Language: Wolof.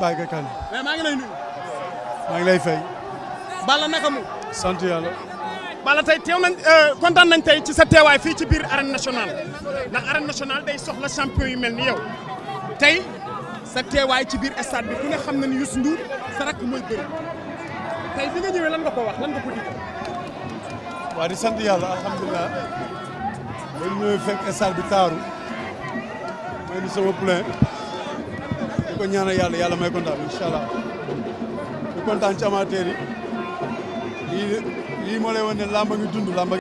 bàyyi ka kan. mais maa ngi lay nuyu. maa ngi lay fay. Balla naka mu. sant yàlla. Balla tey teew nañ euh, kontaan nañ tey ci sa teewaay fii ci biir arène nationale nan arène nationale day soxla champion yu mel ni yow tey sa teewaay ci biir stade bi ku ne xam na ni Youssou Ndour sa rakk mooy bëri tey bi nga ñëwee lan nga ko wax lan nga ko digal. waa sant yàlla alhamdulilah man ñooy fekk stade bi taaru man ni sama plein. ko ñaanal yàlla yàlla may ko ndam incha allah di kontaan ci amateur yi lii lii moo lay wan ngi